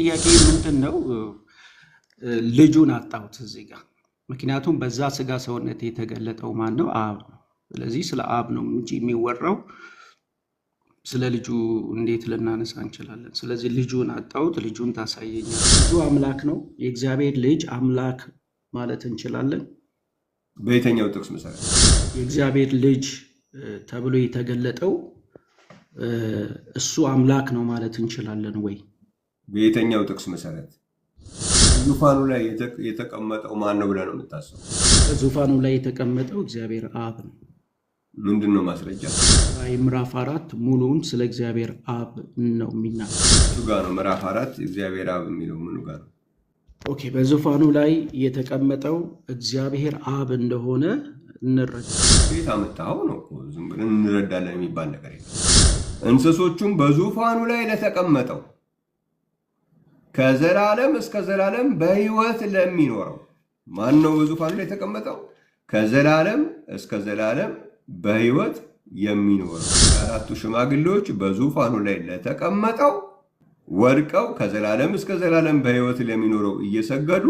ጥያቄ ምንድን ነው? ልጁን አጣሁት እዚህ ጋር። ምክንያቱም በዛ ስጋ ሰውነት የተገለጠው ማን ነው? አብ ነው። ስለዚህ ስለ አብ ነው እንጂ የሚወራው ስለ ልጁ እንዴት ልናነሳ እንችላለን? ስለዚህ ልጁን አጣሁት፣ ልጁን ታሳየኛል። ልጁ አምላክ ነው። የእግዚአብሔር ልጅ አምላክ ማለት እንችላለን። በየተኛው ጥቅስ መሰረት የእግዚአብሔር ልጅ ተብሎ የተገለጠው እሱ አምላክ ነው ማለት እንችላለን ወይ? በየተኛው ጥቅስ መሰረት ዙፋኑ ላይ የተቀመጠው ማን ነው ብለህ ነው የምታስበው? ዙፋኑ ላይ የተቀመጠው እግዚአብሔር አብ ነው። ምንድን ነው ማስረጃ? ራዕይ ምዕራፍ አራት ሙሉውን ስለ እግዚአብሔር አብ ነው የሚናገር። ጋ ነው ምዕራፍ አራት እግዚአብሔር አብ የሚለው ምኑ ጋ ነው? ኦኬ በዙፋኑ ላይ የተቀመጠው እግዚአብሔር አብ እንደሆነ እንረዳ። ቤት አመጣኸው ነው ዝም ብለን እንረዳለን የሚባል ነገር የለም። እንስሶቹም በዙፋኑ ላይ ለተቀመጠው ከዘላለም እስከ ዘላለም በሕይወት ለሚኖረው ማን ነው በዙፋኑ ላይ የተቀመጠው? ከዘላለም እስከ ዘላለም በሕይወት የሚኖረው አራቱ ሽማግሌዎች በዙፋኑ ላይ ለተቀመጠው ወድቀው ከዘላለም እስከ ዘላለም በሕይወት ለሚኖረው እየሰገዱ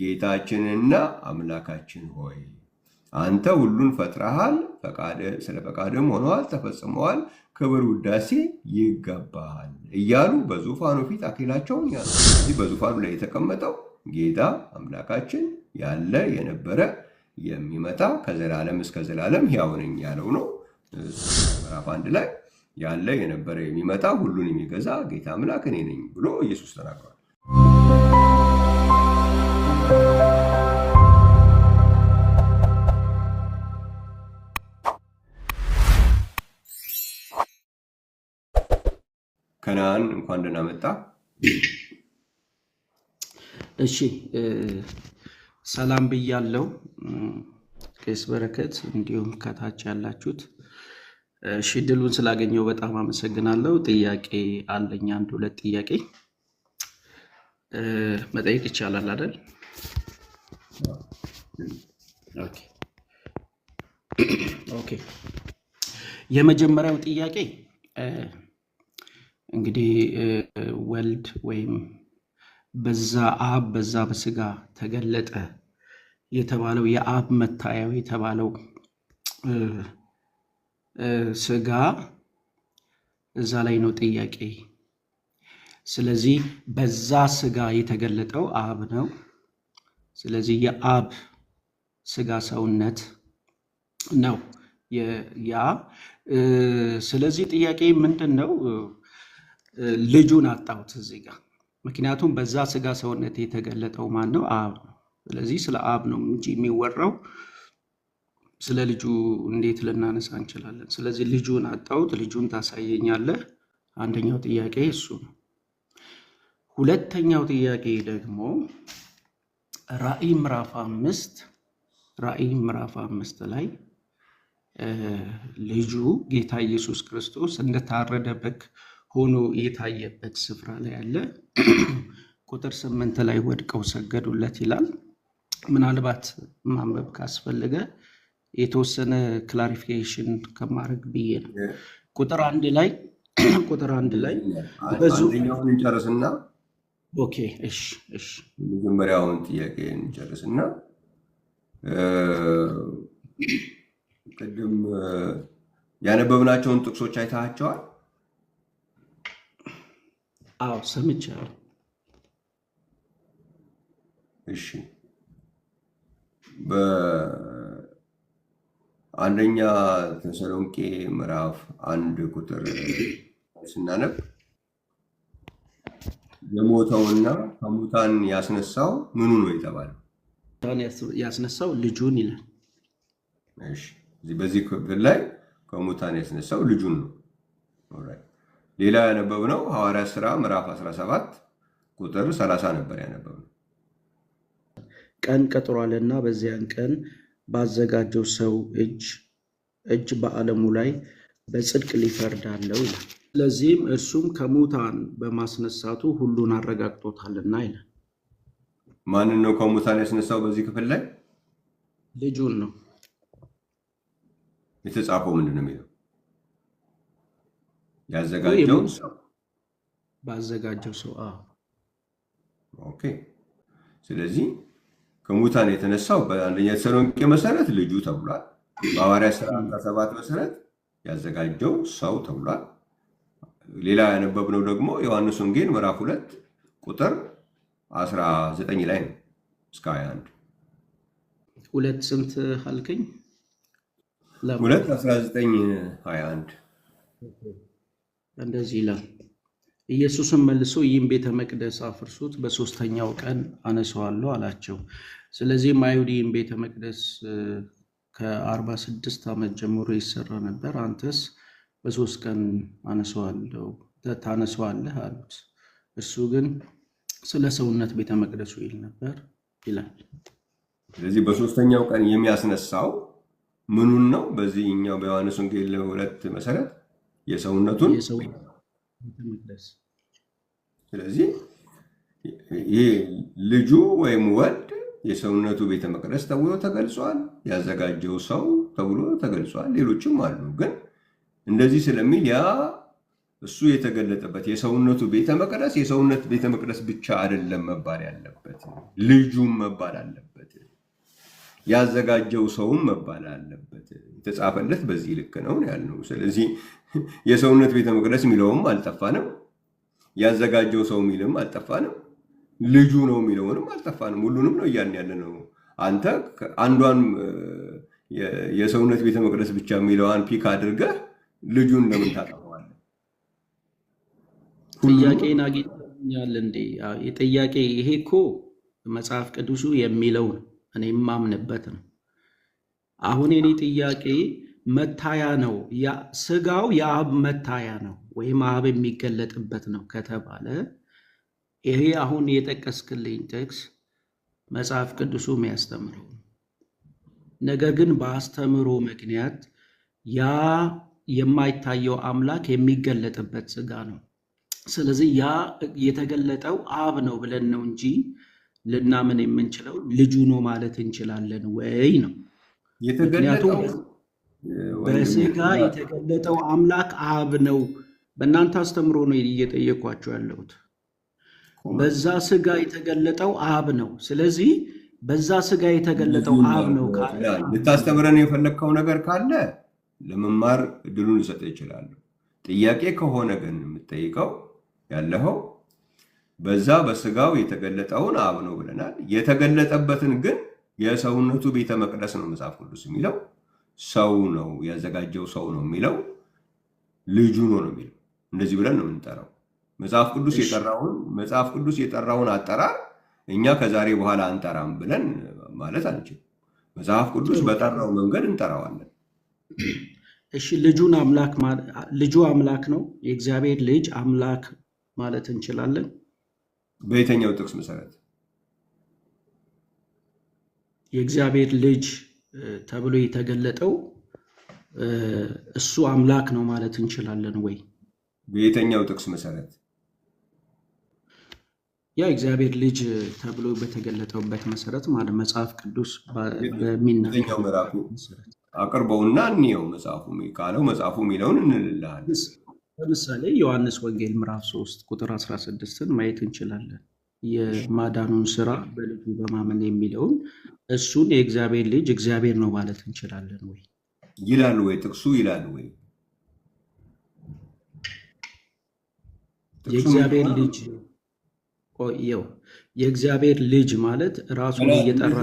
ጌታችንና አምላካችን ሆይ አንተ ሁሉን ፈጥረሃል፣ ስለ ፈቃድም ሆነዋል፣ ተፈጽመዋል፣ ክብር ውዳሴ ይገባሃል እያሉ በዙፋኑ ፊት አክሊላቸውን ያ እዚህ በዙፋኑ ላይ የተቀመጠው ጌታ አምላካችን ያለ የነበረ የሚመጣ ከዘላለም እስከ ዘላለም ሕያው ነኝ ያለው ነው። ምዕራፍ አንድ ላይ ያለ የነበረ የሚመጣ ሁሉን የሚገዛ ጌታ አምላክ እኔ ነኝ ብሎ ኢየሱስ ተናግሯል። ከነአን እንኳን ደህና መጣ። እሺ ሰላም ብያለው። ቄስ በረከት እንዲሁም ከታች ያላችሁት እሺ፣ ድሉን ስላገኘው በጣም አመሰግናለሁ። ጥያቄ አለኝ፣ አንድ ሁለት ጥያቄ መጠየቅ ይቻላል አይደል? ኦኬ። የመጀመሪያው ጥያቄ እንግዲህ ወልድ ወይም በዛ አብ በዛ በስጋ ተገለጠ የተባለው የአብ መታየው የተባለው ስጋ እዛ ላይ ነው ጥያቄ። ስለዚህ በዛ ስጋ የተገለጠው አብ ነው። ስለዚህ የአብ ስጋ ሰውነት ነው ያ። ስለዚህ ጥያቄ ምንድን ነው? ልጁን አጣሁት እዚህ ጋር። ምክንያቱም በዛ ስጋ ሰውነት የተገለጠው ማን ነው? አብ ነው። ስለዚህ ስለ አብ ነው እንጂ የሚወራው ስለ ልጁ እንዴት ልናነሳ እንችላለን? ስለዚህ ልጁን አጣሁት፣ ልጁን ታሳየኛለህ። አንደኛው ጥያቄ እሱ ነው። ሁለተኛው ጥያቄ ደግሞ ራእይ ምዕራፍ አምስት ራእይ ምዕራፍ አምስት ላይ ልጁ ጌታ ኢየሱስ ክርስቶስ እንደታረደ በግ ሆኖ የታየበት ስፍራ ላይ ያለ ቁጥር ስምንት ላይ ወድቀው ሰገዱለት ይላል። ምናልባት ማንበብ ካስፈለገ የተወሰነ ክላሪፊኬሽን ከማድረግ ብዬ ነው። ቁጥር አንድ ላይ ቁጥር አንድ ላይ ብዙኛውን እንጨርስና መጀመሪያውን ጥያቄ እንጨርስና ቅድም ያነበብናቸውን ጥቅሶች አይታቸዋል። አዎ ሰምቻለሁ። እሺ በአንደኛ ተሰሎንቄ ምዕራፍ አንድ ቁጥር ስናነብ የሞተውና ከሙታን ያስነሳው ምኑ ነው የተባለው? ያስነሳው ልጁን ይላል። በዚህ ክፍል ላይ ከሙታን ያስነሳው ልጁን ነው። ሌላ ያነበብነው ሐዋርያ ሥራ ምዕራፍ 17 ቁጥር 30 ነበር ያነበብነው። ቀን ቀጥሯልና በዚያን ቀን ባዘጋጀው ሰው እጅ እጅ በዓለሙ ላይ በጽድቅ ሊፈርድ አለው ይላል። ስለዚህም እርሱም ከሙታን በማስነሳቱ ሁሉን አረጋግጦታልና ይላል። ማንን ነው ከሙታን ያስነሳው? በዚህ ክፍል ላይ ልጁን ነው። የተጻፈው ምንድን ነው የሚለው ያዘጋጀው ባዘጋጀው ሰው። ኦኬ። ስለዚህ ከሙታን የተነሳው በአንደኛ ተሰሎንቄ መሰረት ልጁ ተብሏል። በሐዋርያት ሥራ መሰረት ያዘጋጀው ሰው ተብሏል። ሌላ ያነበብነው ደግሞ ዮሐንስ ወንጌል ምዕራፍ ሁለት ቁጥር 19 ላይ ነው እስከ 21 ሁለት ስንት አልከኝ? ሁለት 19 21 እንደዚህ ይላል። ኢየሱስም መልሶ ይህም ቤተ መቅደስ አፍርሱት፣ በሶስተኛው ቀን አነሳዋለሁ አላቸው። ስለዚህም አይሁድ ይህም ቤተ መቅደስ ከአርባ ስድስት ዓመት ጀምሮ ይሰራ ነበር፣ አንተስ በሶስት ቀን ታነሰዋለህ አሉት። እርሱ ግን ስለ ሰውነት ቤተ መቅደሱ ይል ነበር ይላል። ስለዚህ በሶስተኛው ቀን የሚያስነሳው ምኑን ነው? በዚህኛው በዮሐንስ ወንጌል ሁለት መሰረት የሰውነቱን ስለዚህ ይህ ልጁ ወይም ወልድ የሰውነቱ ቤተ መቅደስ ተብሎ ተገልጿል። ያዘጋጀው ሰው ተብሎ ተገልጿል። ሌሎችም አሉ። ግን እንደዚህ ስለሚል ያ እሱ የተገለጠበት የሰውነቱ ቤተ መቅደስ የሰውነት ቤተ መቅደስ ብቻ አይደለም መባል ያለበት፣ ልጁም መባል አለበት። ያዘጋጀው ሰውም መባል አለበት። የተጻፈለት በዚህ ልክ ነው ያልነው። ስለዚህ የሰውነት ቤተ መቅደስ የሚለውም አልጠፋ ነው። ያዘጋጀው ሰው የሚልም አልጠፋ ነው። ልጁ ነው የሚለውንም አልጠፋ ነው። ሁሉንም ነው እያን ያለ ነው። አንተ አንዷን የሰውነት ቤተ መቅደስ ብቻ የሚለዋን ፒክ አድርገህ ልጁን ለምን ታጠፈዋለህ? ጥያቄን አግኝተኛል እንዴ? ጥያቄ ይሄ እኮ መጽሐፍ ቅዱሱ የሚለው ነው እኔ የማምንበት ነው። አሁን የኔ ጥያቄ መታያ ነው፣ ስጋው የአብ መታያ ነው ወይም አብ የሚገለጥበት ነው ከተባለ ይሄ አሁን የጠቀስክልኝ ጥቅስ መጽሐፍ ቅዱሱ የሚያስተምረው ነገር ግን በአስተምሮ ምክንያት ያ የማይታየው አምላክ የሚገለጥበት ስጋ ነው። ስለዚህ ያ የተገለጠው አብ ነው ብለን ነው እንጂ ልናምን የምንችለው ልጁ ነው ማለት እንችላለን ወይ ነው። ምክንያቱም በስጋ የተገለጠው አምላክ አብ ነው። በእናንተ አስተምሮ ነው እየጠየኳቸው ያለሁት። በዛ ስጋ የተገለጠው አብ ነው። ስለዚህ በዛ ስጋ የተገለጠው አብ ነው። ልታስተምረን የፈለግከው ነገር ካለ ለመማር እድሉን ልሰጥ ይችላሉ። ጥያቄ ከሆነ ግን የምትጠይቀው ያለኸው በዛ በስጋው የተገለጠውን አብ ነው ብለናል። የተገለጠበትን ግን የሰውነቱ ቤተ መቅደስ ነው መጽሐፍ ቅዱስ የሚለው ሰው ነው ያዘጋጀው ሰው ነው የሚለው ልጁ ነው ነው የሚለው እንደዚህ ብለን ነው የምንጠራው። መጽሐፍ ቅዱስ የጠራውን መጽሐፍ ቅዱስ የጠራውን አጠራር እኛ ከዛሬ በኋላ አንጠራም ብለን ማለት አንችልም። መጽሐፍ ቅዱስ በጠራው መንገድ እንጠራዋለን። እሺ ልጁን አምላክ ልጁ አምላክ ነው። የእግዚአብሔር ልጅ አምላክ ማለት እንችላለን። በየተኛው ጥቅስ መሰረት የእግዚአብሔር ልጅ ተብሎ የተገለጠው እሱ አምላክ ነው ማለት እንችላለን ወይ? በየተኛው ጥቅስ መሰረት? ያ እግዚአብሔር ልጅ ተብሎ በተገለጠውበት መሰረት ማለት መጽሐፍ ቅዱስ በሚናው ምዕራፉ አቅርበውና እንየው መጽሐፉ ካለው መጽሐፉ የሚለውን እንልልሃለን። ለምሳሌ ዮሐንስ ወንጌል ምዕራፍ 3 ቁጥር 16ን ማየት እንችላለን። የማዳኑን ስራ በልቡ በማመን የሚለውን እሱን የእግዚአብሔር ልጅ እግዚአብሔር ነው ማለት እንችላለን ወይ ይላል ወይ ጥቅሱ ይላል ወይ የእግዚአብሔር ልጅ ቆየው የእግዚአብሔር ልጅ ማለት ራሱን እየጠራ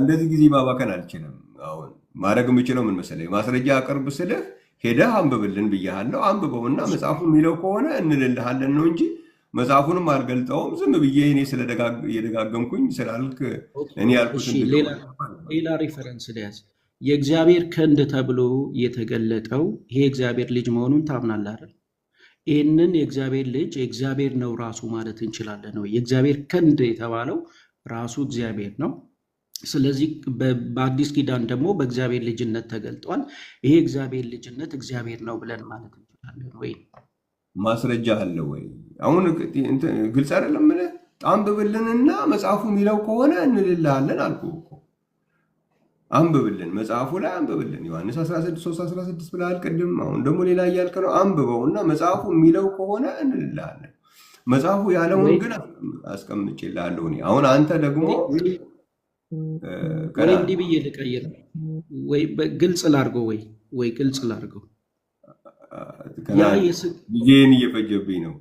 እንደዚህ ጊዜ ማባከን አልችልም። አሁን ማድረግ የምችለው ምን መሰለህ ማስረጃ አቅርብ ስልህ ሄደህ አንብብልን ብያሃለው። አንብበውና መጽሐፉ የሚለው ከሆነ እንልልሃለን ነው እንጂ መጽሐፉንም አልገልጠውም። ዝም ብዬ እኔ ስለየደጋገምኩኝ ስላልክ እኔ ያልኩትን ሌላ ሪፈረንስ ሊያዝ የእግዚአብሔር ክንድ ተብሎ የተገለጠው ይሄ የእግዚአብሔር ልጅ መሆኑን ታምናለህ አይደል? ይህንን የእግዚአብሔር ልጅ የእግዚአብሔር ነው ራሱ ማለት እንችላለን ወይ? የእግዚአብሔር ክንድ የተባለው ራሱ እግዚአብሔር ነው። ስለዚህ በአዲስ ኪዳን ደግሞ በእግዚአብሔር ልጅነት ተገልጧል። ይሄ እግዚአብሔር ልጅነት እግዚአብሔር ነው ብለን ማለት እንችላለን ወይ? ማስረጃ አለ ወይ? አሁን ግልጽ አይደለም። ምን አንብብልንና መጽሐፉ የሚለው ከሆነ እንልልሃለን አልኩ። አንብብልን፣ መጽሐፉ ላይ አንብብልን። ዮሐንስ 16 ብለሃል ቅድም። አሁን ደግሞ ሌላ እያልክ ነው። አንብበው እና መጽሐፉ የሚለው ከሆነ እንልልሃለን። መጽሐፉ ያለውን ግን አስቀምጬልሃለሁ። አሁን አንተ ደግሞ ወይ እንዲህ ብዬ ልቀይር ወይ ግልጽ ላድርገው ወይ ወይ ግልጽ ላድርገው ጊዜን እየፈጀብኝ ነው።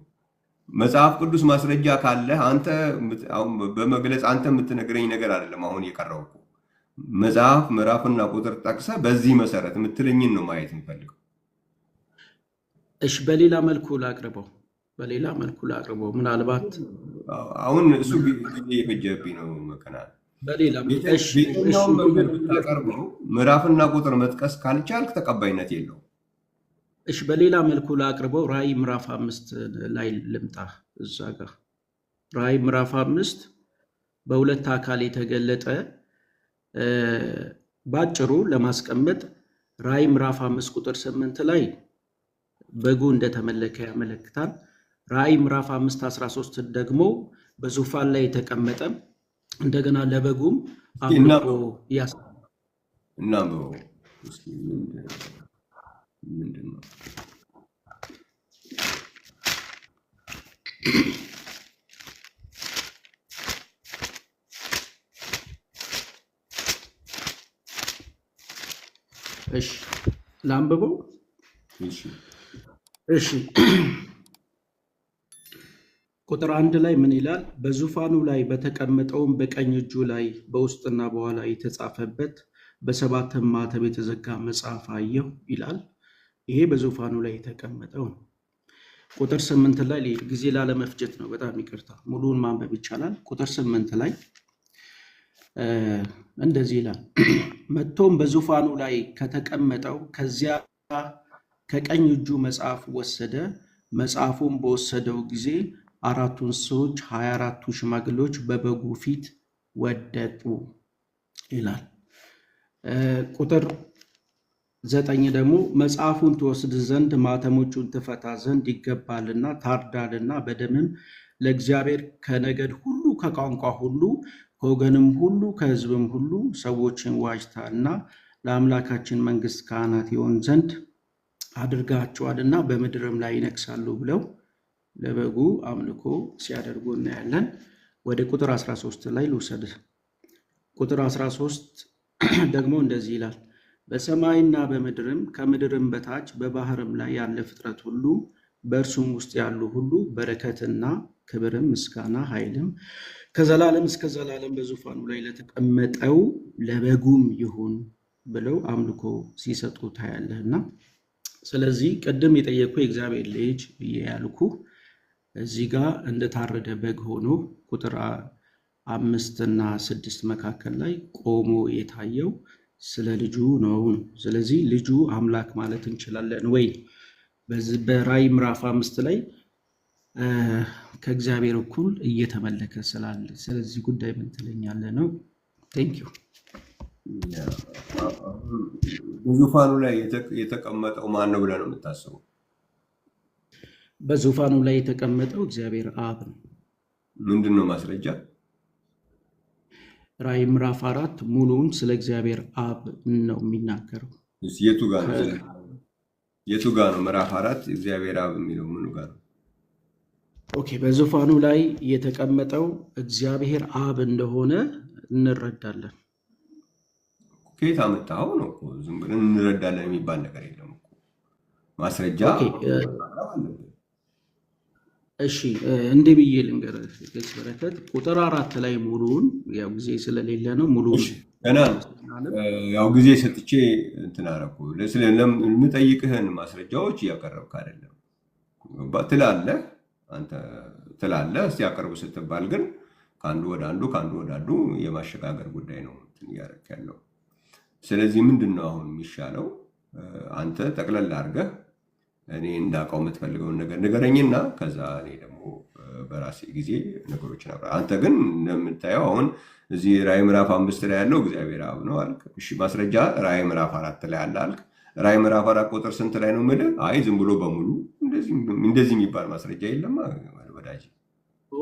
መጽሐፍ ቅዱስ ማስረጃ ካለ አንተ በመግለጽ አንተ የምትነግረኝ ነገር አይደለም። አሁን የቀረው መጽሐፍ ምዕራፍና ቁጥር ጠቅሰ በዚህ መሰረት የምትለኝን ነው ማየት የምፈልገው። እሽ፣ በሌላ መልኩ ላቅርበው፣ በሌላ መልኩ ላቅርበው። ምናልባት አሁን እሱ ጊዜ የፈጀብኝ ነው መከናል በሌላኛውም መንገድ ብታቀርበው ምዕራፍና ቁጥር መጥቀስ ካልቻልክ ተቀባይነት የለው። እሺ፣ በሌላ መልኩ ላቅርበው። ራእይ ምዕራፍ አምስት ላይ ልምጣ። እዛ ጋር ራእይ ምዕራፍ አምስት በሁለት አካል የተገለጠ ባጭሩ ለማስቀመጥ ራእይ ምዕራፍ አምስት ቁጥር ስምንት ላይ በጉ እንደተመለከ ያመለክታል። ራእይ ምዕራፍ አምስት አስራ ሶስት ደግሞ በዙፋን ላይ የተቀመጠም እንደገና ለበጉም አምልኮ ያስ እናምሮ እሺ ላንብበው። እሺ ቁጥር አንድ ላይ ምን ይላል? በዙፋኑ ላይ በተቀመጠውም በቀኝ እጁ ላይ በውስጥና በኋላ የተጻፈበት በሰባትም ማተብ የተዘጋ መጽሐፍ አየሁ ይላል። ይሄ በዙፋኑ ላይ የተቀመጠው ነው። ቁጥር ስምንት ላይ ጊዜ ላለመፍጀት ነው፣ በጣም ይቅርታ፣ ሙሉውን ማንበብ ይቻላል። ቁጥር ስምንት ላይ እንደዚህ ይላል፣ መጥቶም በዙፋኑ ላይ ከተቀመጠው ከዚያ ከቀኝ እጁ መጽሐፍ ወሰደ። መጽሐፉን በወሰደው ጊዜ አራቱ እንስሶች ሀያ አራቱ ሽማግሌዎች በበጉ ፊት ወደቁ ይላል። ቁጥር ዘጠኝ ደግሞ መጽሐፉን ትወስድ ዘንድ ማተሞቹን ትፈታ ዘንድ ይገባልና ታርዳልና በደምም ለእግዚአብሔር ከነገድ ሁሉ ከቋንቋ ሁሉ ከወገንም ሁሉ ከሕዝብም ሁሉ ሰዎችን ዋጅታ እና ለአምላካችን መንግስት ካህናት ይሆን ዘንድ አድርጋቸዋልና በምድርም ላይ ይነግሳሉ ብለው ለበጉ አምልኮ ሲያደርጉ እናያለን። ወደ ቁጥር 13 ላይ ልውሰድ። ቁጥር 13 ደግሞ እንደዚህ ይላል፣ በሰማይና በምድርም ከምድርም በታች በባህርም ላይ ያለ ፍጥረት ሁሉ በእርሱም ውስጥ ያሉ ሁሉ በረከትና ክብርም ምስጋና ኃይልም ከዘላለም እስከ ዘላለም በዙፋኑ ላይ ለተቀመጠው ለበጉም ይሁን ብለው አምልኮ ሲሰጡ ታያለህና፣ ስለዚህ ቅድም የጠየቅኩ የእግዚአብሔር ልጅ ብዬ ያልኩ እዚህ ጋር እንደታረደ በግ ሆኖ ቁጥር አምስት እና ስድስት መካከል ላይ ቆሞ የታየው ስለ ልጁ ነው። ስለዚህ ልጁ አምላክ ማለት እንችላለን ወይ? በራእይ ምዕራፍ አምስት ላይ ከእግዚአብሔር እኩል እየተመለከ ስላለ ስለዚህ ጉዳይ ምን ትለኛለ? ነው። ቴንክ ዩ። በዙፋኑ ላይ የተቀመጠው ማን ነው ብለህ ነው የምታስበው? በዙፋኑ ላይ የተቀመጠው እግዚአብሔር አብ ነው። ምንድን ነው ማስረጃ? ራእይ ምዕራፍ አራት ሙሉውን ስለ እግዚአብሔር አብ ነው የሚናገረው። የቱ ጋ ነው? የቱ ጋ ነው? ምዕራፍ አራት እግዚአብሔር አብ የሚለው ምኑ ጋ ነው? ኦኬ፣ በዙፋኑ ላይ የተቀመጠው እግዚአብሔር አብ እንደሆነ እንረዳለን። ከየት አመጣኸው ነው? ዝም ብለን እንረዳለን የሚባል ነገር የለም። ማስረጃ እሺ እንዲህ ብዬ ልንገርህ ገጽ በረከት ቁጥር አራት ላይ ሙሉውን ያው ጊዜ ስለሌለ ነው። ሙሉ ያው ጊዜ ሰጥቼ እንትን አደረኩ። የምጠይቅህን ማስረጃዎች እያቀረብክ አይደለም ትላለህ አንተ ትላለህ ያቀርቡ ስትባል ግን ከአንዱ ወደ አንዱ ከአንዱ ወደ አንዱ የማሸጋገር ጉዳይ ነው እንትን እያደረክ ያለው። ስለዚህ ምንድን ነው አሁን የሚሻለው አንተ ጠቅለል አድርገህ እኔ እንዳውቀው የምትፈልገውን ነገር ንገረኝና ከዛ እኔ ደግሞ በራሴ ጊዜ ነገሮች አብራ አንተ ግን እንደምታየው አሁን እዚህ ራዕይ ምዕራፍ አምስት ላይ ያለው እግዚአብሔር አብ ነው አልክ። እሺ ማስረጃ ራዕይ ምዕራፍ አራት ላይ አለ አልክ። ራዕይ ምዕራፍ አራት ቁጥር ስንት ላይ ነው የምልህ? አይ ዝም ብሎ በሙሉ እንደዚህ የሚባል ማስረጃ የለማ ወዳጅ።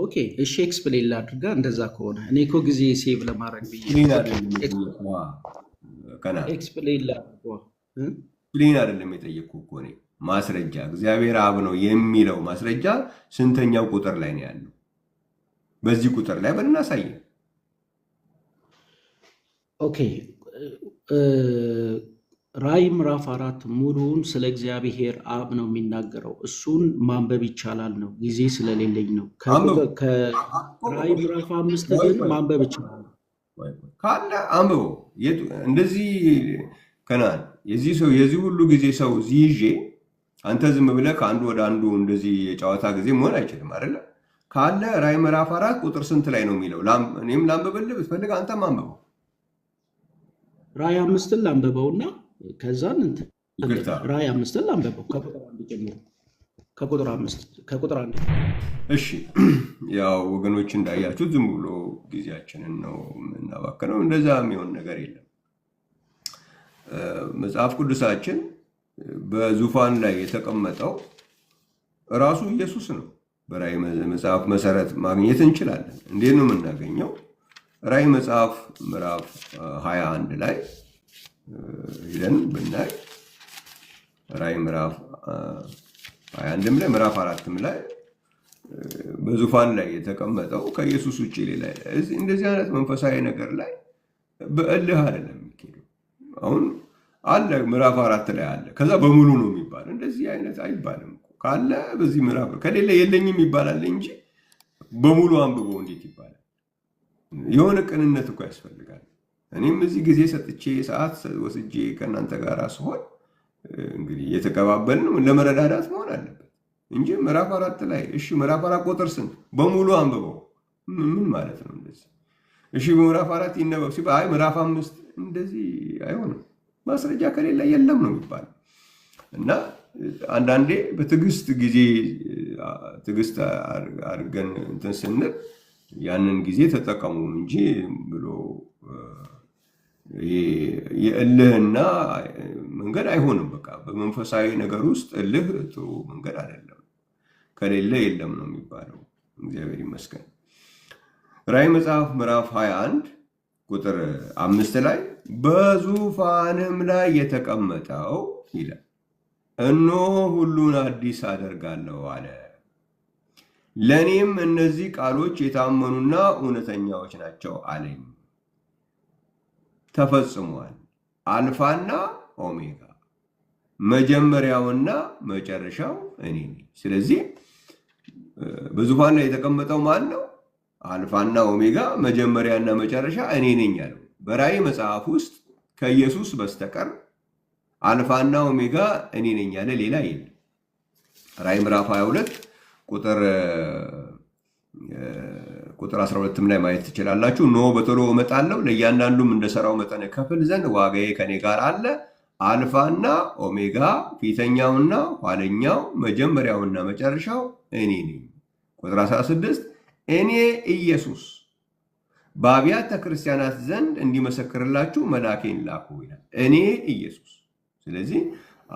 ኦኬ እሺ፣ ኤክስፕሌን ላድርጋ። እንደዛ ከሆነ እኔ እኮ ጊዜ ሴቭ ለማድረግ ብዬ ኤክስፕሌን ላድርግ። ኤክስፕሌን አይደለም የጠየቅኩህ እኮ እኔ ማስረጃ እግዚአብሔር አብ ነው የሚለው ማስረጃ ስንተኛው ቁጥር ላይ ነው ያለው? በዚህ ቁጥር ላይ በእናሳየ ኦኬ። ራእይ ምዕራፍ አራት ሙሉውን ስለ እግዚአብሔር አብ ነው የሚናገረው። እሱን ማንበብ ይቻላል ነው፣ ጊዜ ስለሌለኝ ነው። ከራእይ ምዕራፍ አምስት ግን ማንበብ ይቻላል ካለ አንብቦ እንደዚህ ከናን የዚህ ሰው የዚህ ሁሉ ጊዜ ሰው ይዤ አንተ ዝም ብለህ ከአንዱ ወደ አንዱ እንደዚህ የጨዋታ ጊዜ መሆን አይችልም አይደለ? ካለ ራይ ምዕራፍ አራት ቁጥር ስንት ላይ ነው የሚለው? እኔም ላንብብልህ ብትፈልግ አንተም አንብበው። ራይ አምስትን እና ከዛን ራይ አምስትን ላንብበው አንድ ከቁጥር አምስት ከቁጥር አንድ እሺ። ያው ወገኖች እንዳያችሁት ዝም ብሎ ጊዜያችንን ነው የምናባክነው። እንደዛ የሚሆን ነገር የለም። መጽሐፍ ቅዱሳችን በዙፋን ላይ የተቀመጠው ራሱ ኢየሱስ ነው። በራእይ መጽሐፍ መሰረት ማግኘት እንችላለን። እንዴት ነው የምናገኘው? ራእይ መጽሐፍ ምዕራፍ 21 ላይ ሄደን ብናይ ራእይ ምዕራፍ 21 ላይ ምዕራፍ አራትም ላይ በዙፋን ላይ የተቀመጠው ከኢየሱስ ውጭ ሌላ እንደዚህ አይነት መንፈሳዊ ነገር ላይ በእልህ አይደለም የሚሄደው አሁን አለ ምዕራፍ አራት ላይ አለ። ከዛ በሙሉ ነው የሚባል እንደዚህ አይነት አይባልም። ካለ በዚህ ምዕራፍ ከሌለ የለኝም ይባላል እንጂ በሙሉ አንብበው እንዴት ይባላል? የሆነ ቅንነት እኮ ያስፈልጋል። እኔም እዚህ ጊዜ ሰጥቼ ሰዓት ወስጄ ከእናንተ ጋር ስሆን እንግዲህ እየተቀባበልን ለመረዳዳት መሆን አለበት እንጂ ምዕራፍ አራት ላይ እሺ፣ ምዕራፍ አራት ቁጥር ስንት በሙሉ አንብበው ምን ማለት ነው? እንደዚህ እሺ፣ ምዕራፍ አራት ይነበብ ሲባል አይ ምዕራፍ አምስት እንደዚህ አይሆንም። ማስረጃ ከሌለ የለም ነው የሚባለው። እና አንዳንዴ በትዕግስት ጊዜ ትዕግስት አድርገን እንትን ስንል ያንን ጊዜ ተጠቀሙ እንጂ ብሎ የእልህና መንገድ አይሆንም። በቃ በመንፈሳዊ ነገር ውስጥ እልህ ጥሩ መንገድ አይደለም። ከሌለ የለም ነው የሚባለው። እግዚአብሔር ይመስገን። ራዕይ መጽሐፍ ምዕራፍ 21 ቁጥር አምስት ላይ በዙፋንም ላይ የተቀመጠው ይላል እነሆ ሁሉን አዲስ አደርጋለሁ አለ። ለእኔም እነዚህ ቃሎች የታመኑና እውነተኛዎች ናቸው አለኝ። ተፈጽሟል። አልፋና ኦሜጋ መጀመሪያውና መጨረሻው እኔ ነኝ። ስለዚህ በዙፋን ላይ የተቀመጠው ማን ነው? አልፋና ኦሜጋ መጀመሪያና መጨረሻ እኔ ነኝ ያለው በራእይ መጽሐፍ ውስጥ ከኢየሱስ በስተቀር አልፋና ኦሜጋ እኔ ነኝ ያለ ሌላ የለ። ራእይ ምዕራፍ 22 ቁጥር ቁጥር 12 ላይ ማየት ትችላላችሁ። ኖ በቶሎ እመጣለሁ፣ ለእያንዳንዱም እንደሰራው መጠን ከፍል ዘንድ ዋጋዬ ከኔ ጋር አለ። አልፋና ኦሜጋ ፊተኛውና ኋለኛው መጀመሪያውና መጨረሻው እኔ ነኝ። ቁጥር 16 እኔ ኢየሱስ በአብያተ ክርስቲያናት ዘንድ እንዲመሰክርላችሁ መልአኬን ላኩ ይላል። እኔ ኢየሱስ። ስለዚህ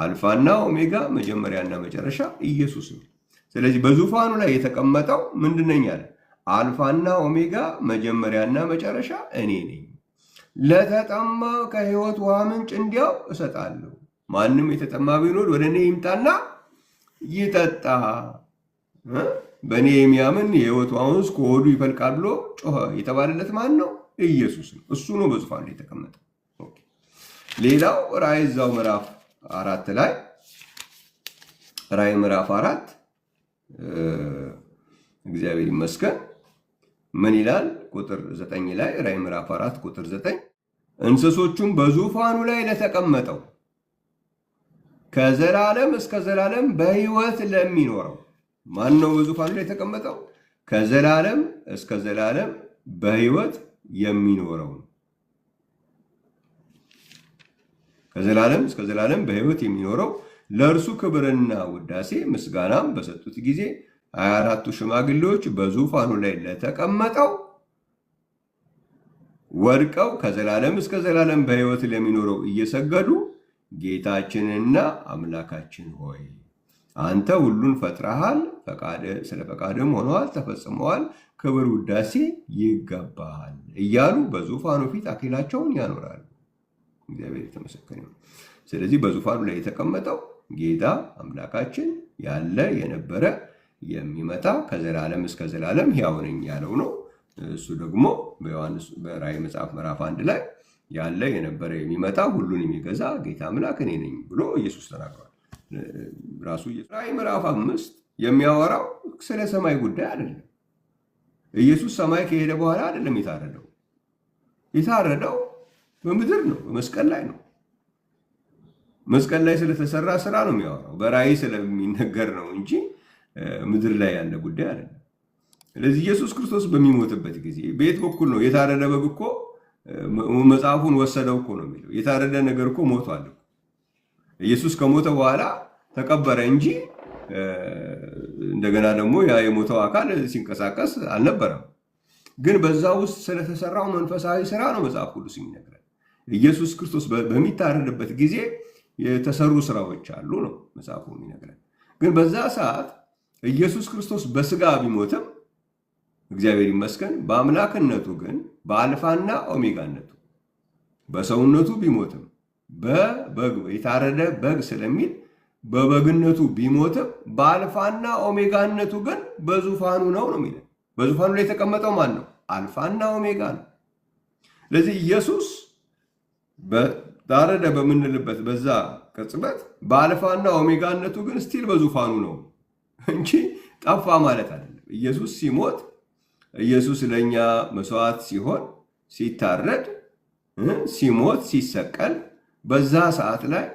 አልፋና ኦሜጋ መጀመሪያና መጨረሻ ኢየሱስ ነው። ስለዚህ በዙፋኑ ላይ የተቀመጠው ምንድን ነኝ አለ? አልፋና ኦሜጋ መጀመሪያና መጨረሻ እኔ ነኝ። ለተጠማ ከህይወት ውሃ ምንጭ እንዲያው እሰጣለሁ። ማንም የተጠማ ቢኖር ወደ እኔ ይምጣና ይጠጣ በእኔ የሚያምን የህይወት ወንዝ ከሆዱ ይፈልቃል ብሎ ጮኸ የተባለለት ማን ነው? ኢየሱስ ነው። እሱ ነው በዙፋን ላይ የተቀመጠ። ሌላው ራእይ እዛው ምዕራፍ አራት ላይ ራእይ ምዕራፍ አራት እግዚአብሔር ይመስገን ምን ይላል? ቁጥር ዘጠኝ ላይ ራእይ ምዕራፍ አራት ቁጥር ዘጠኝ እንስሶቹም በዙፋኑ ላይ ለተቀመጠው ከዘላለም እስከ ዘላለም በህይወት ለሚኖረው ማን ነው በዙፋኑ ላይ የተቀመጠው? ከዘላለም እስከ ዘላለም በህይወት የሚኖረው ከዘላለም እስከ ዘላለም በህይወት የሚኖረው ለእርሱ ክብርና ውዳሴ ምስጋናም በሰጡት ጊዜ ሀያ አራቱ ሽማግሌዎች በዙፋኑ ላይ ለተቀመጠው ወድቀው ከዘላለም እስከ ዘላለም በህይወት ለሚኖረው እየሰገዱ ጌታችንና አምላካችን ሆይ አንተ ሁሉን ፈጥረሃል፣ ስለ ፈቃድም ሆነዋል፣ ተፈጽመዋል፣ ክብር ውዳሴ ይገባሃል እያሉ በዙፋኑ ፊት አክሊላቸውን ያኖራሉ። እግዚአብሔር የተመሰገነ ነው። ስለዚህ በዙፋኑ ላይ የተቀመጠው ጌታ አምላካችን ያለ የነበረ የሚመጣ ከዘላለም እስከ ዘላለም ሕያው ነኝ ያለው ነው። እሱ ደግሞ በዮሐንስ በራእይ መጽሐፍ ምዕራፍ አንድ ላይ ያለ የነበረ የሚመጣ ሁሉን የሚገዛ ጌታ አምላክ እኔ ነኝ ብሎ ኢየሱስ ተናግሯል። ራሱ ራዕይ ምዕራፍ አምስት የሚያወራው ስለ ሰማይ ጉዳይ አይደለም። ኢየሱስ ሰማይ ከሄደ በኋላ አይደለም የታረደው። የታረደው በምድር ነው፣ በመስቀል ላይ ነው። መስቀል ላይ ስለተሰራ ስራ ነው የሚያወራው። በራይ ስለሚነገር ነው እንጂ ምድር ላይ ያለ ጉዳይ አይደለም። ስለዚህ ኢየሱስ ክርስቶስ በሚሞትበት ጊዜ በየት በኩል ነው የታረደ? በብኮ መጽሐፉን ወሰደው እኮ ነው የሚለው። የታረደ ነገር እኮ ሞቷል። ኢየሱስ ከሞተ በኋላ ተቀበረ እንጂ እንደገና ደግሞ ያ የሞተው አካል ሲንቀሳቀስ አልነበረም። ግን በዛ ውስጥ ስለተሰራው መንፈሳዊ ስራ ነው መጽሐፍ ቅዱስ የሚነግረን። ኢየሱስ ክርስቶስ በሚታረድበት ጊዜ የተሰሩ ስራዎች አሉ ነው መጽሐፉ የሚነግረን። ግን በዛ ሰዓት ኢየሱስ ክርስቶስ በስጋ ቢሞትም እግዚአብሔር ይመስገን፣ በአምላክነቱ ግን በአልፋና ኦሜጋነቱ በሰውነቱ ቢሞትም በበግ የታረደ በግ ስለሚል በበግነቱ ቢሞትም በአልፋና ኦሜጋነቱ ግን በዙፋኑ ነው ነው የሚለው። በዙፋኑ ላይ የተቀመጠው ማን ነው? አልፋና ኦሜጋ ነው። ስለዚህ ኢየሱስ በታረደ በምንልበት በዛ ቅጽበት በአልፋና ኦሜጋነቱ ግን ስቲል በዙፋኑ ነው እንጂ ጠፋ ማለት አይደለም። ኢየሱስ ሲሞት ኢየሱስ ለእኛ መስዋዕት ሲሆን ሲታረድ ሲሞት ሲሰቀል በዛ ሰዓት ላይ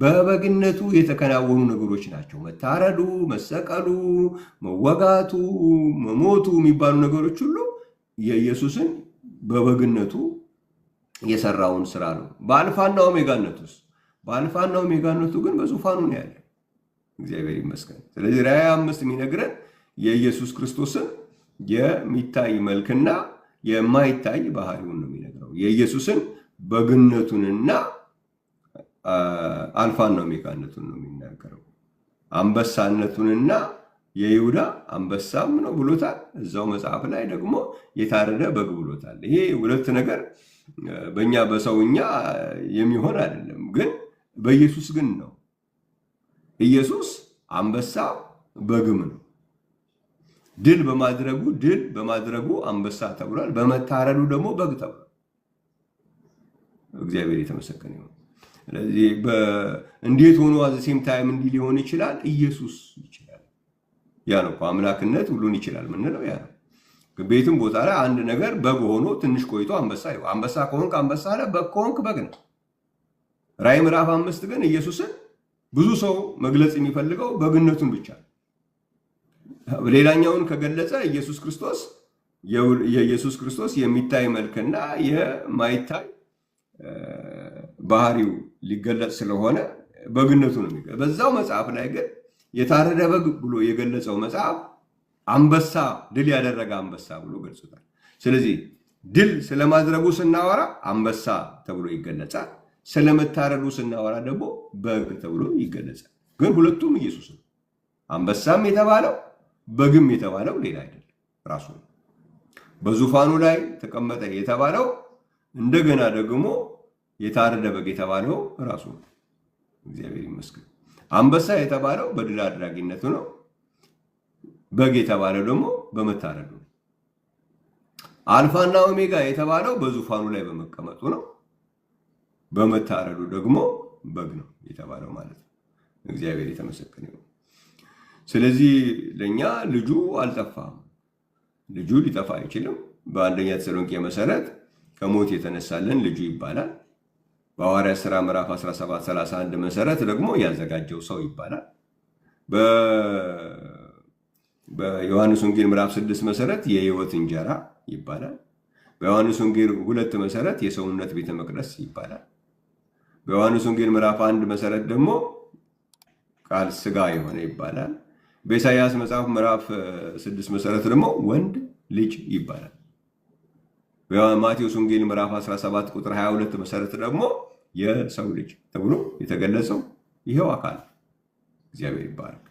በበግነቱ የተከናወኑ ነገሮች ናቸው። መታረዱ፣ መሰቀሉ፣ መወጋቱ፣ መሞቱ የሚባሉ ነገሮች ሁሉ የኢየሱስን በበግነቱ የሰራውን ስራ ነው። በአልፋና ኦሜጋነቱ ውስጥ በአልፋና ኦሜጋነቱ ግን በዙፋኑ ነው ያለ። እግዚአብሔር ይመስገን። ስለዚህ ራእይ አምስት የሚነግረን የኢየሱስ ክርስቶስን የሚታይ መልክና የማይታይ ባህሪውን ነው የሚነግረው የኢየሱስን በግነቱንና ነው ሜካነቱን ነው የሚናገረው። አንበሳነቱንና የይሁዳ አንበሳም ነው ብሎታል። እዛው መጽሐፍ ላይ ደግሞ የታረደ በግ ብሎታል። ይሄ ሁለት ነገር በእኛ በሰውኛ የሚሆን አይደለም፣ ግን በኢየሱስ ግን ነው። ኢየሱስ አንበሳ በግም ነው። ድል በማድረጉ ድል በማድረጉ አንበሳ ተብሏል። በመታረዱ ደግሞ በግ ተብሏል። እግዚአብሔር የተመሰገነ ይሁን። ስለዚህ እንዴት ሆኖ ሴም ታይም እንዲህ ሊሆን ይችላል? ኢየሱስ ይችላል። ያ ነው አምላክነት ሁሉን ይችላል ምንለው ያ ነው። ቤትም ቦታ ላይ አንድ ነገር በግ ሆኖ ትንሽ ቆይቶ አንበሳ ይሆ አንበሳ ከሆንክ አንበሳ ነህ፣ በግ ከሆንክ በግ ነው። ራይ ምዕራፍ አምስት ግን ኢየሱስን ብዙ ሰው መግለጽ የሚፈልገው በግነቱን ብቻ ሌላኛውን ከገለጸ ኢየሱስ ክርስቶስ የኢየሱስ ክርስቶስ የሚታይ መልክና የማይታይ ባህሪው ሊገለጽ ስለሆነ በግነቱ ነው የሚገ በዛው መጽሐፍ ላይ ግን የታረደ በግ ብሎ የገለጸው መጽሐፍ አንበሳ ድል ያደረገ አንበሳ ብሎ ገልጾታል። ስለዚህ ድል ስለማድረጉ ስናወራ አንበሳ ተብሎ ይገለጻል። ስለመታረዱ ስናወራ ደግሞ በግ ተብሎ ይገለጻል። ግን ሁለቱም ኢየሱስ ነው። አንበሳም የተባለው በግም የተባለው ሌላ አይደለም፣ ራሱ ነው። በዙፋኑ ላይ ተቀመጠ የተባለው እንደገና ደግሞ የታረደ በግ የተባለው ራሱ ነው። እግዚአብሔር ይመስገን። አንበሳ የተባለው በድል አድራጊነቱ ነው። በግ የተባለው ደግሞ በመታረዱ ነው። አልፋና ኦሜጋ የተባለው በዙፋኑ ላይ በመቀመጡ ነው። በመታረዱ ደግሞ በግ ነው የተባለው ማለት ነው። እግዚአብሔር የተመሰገነ ነው። ስለዚህ ለእኛ ልጁ አልጠፋም፣ ልጁ ሊጠፋ አይችልም። በአንደኛ ተሰሎንቄ መሰረት ከሞት የተነሳልን ልጁ ይባላል። በሐዋርያት ሥራ ምዕራፍ 1731 31 መሰረት ደግሞ ያዘጋጀው ሰው ይባላል። በዮሐንስ ወንጌል ምዕራፍ 6 መሰረት የህይወት እንጀራ ይባላል። በዮሐንስ ወንጌል ሁለት መሰረት የሰውነት ቤተ መቅደስ ይባላል። በዮሐንስ ወንጌል ምዕራፍ አንድ መሰረት ደግሞ ቃል ስጋ የሆነ ይባላል። በኢሳያስ መጽሐፍ ምዕራፍ 6 መሰረት ደግሞ ወንድ ልጅ ይባላል። በማቴዎስ ወንጌል ምዕራፍ 17 ቁጥር 22 መሰረት ደግሞ የሰው ልጅ ተብሎ የተገለጸው ይሄው አካል እግዚአብሔር ይባላል።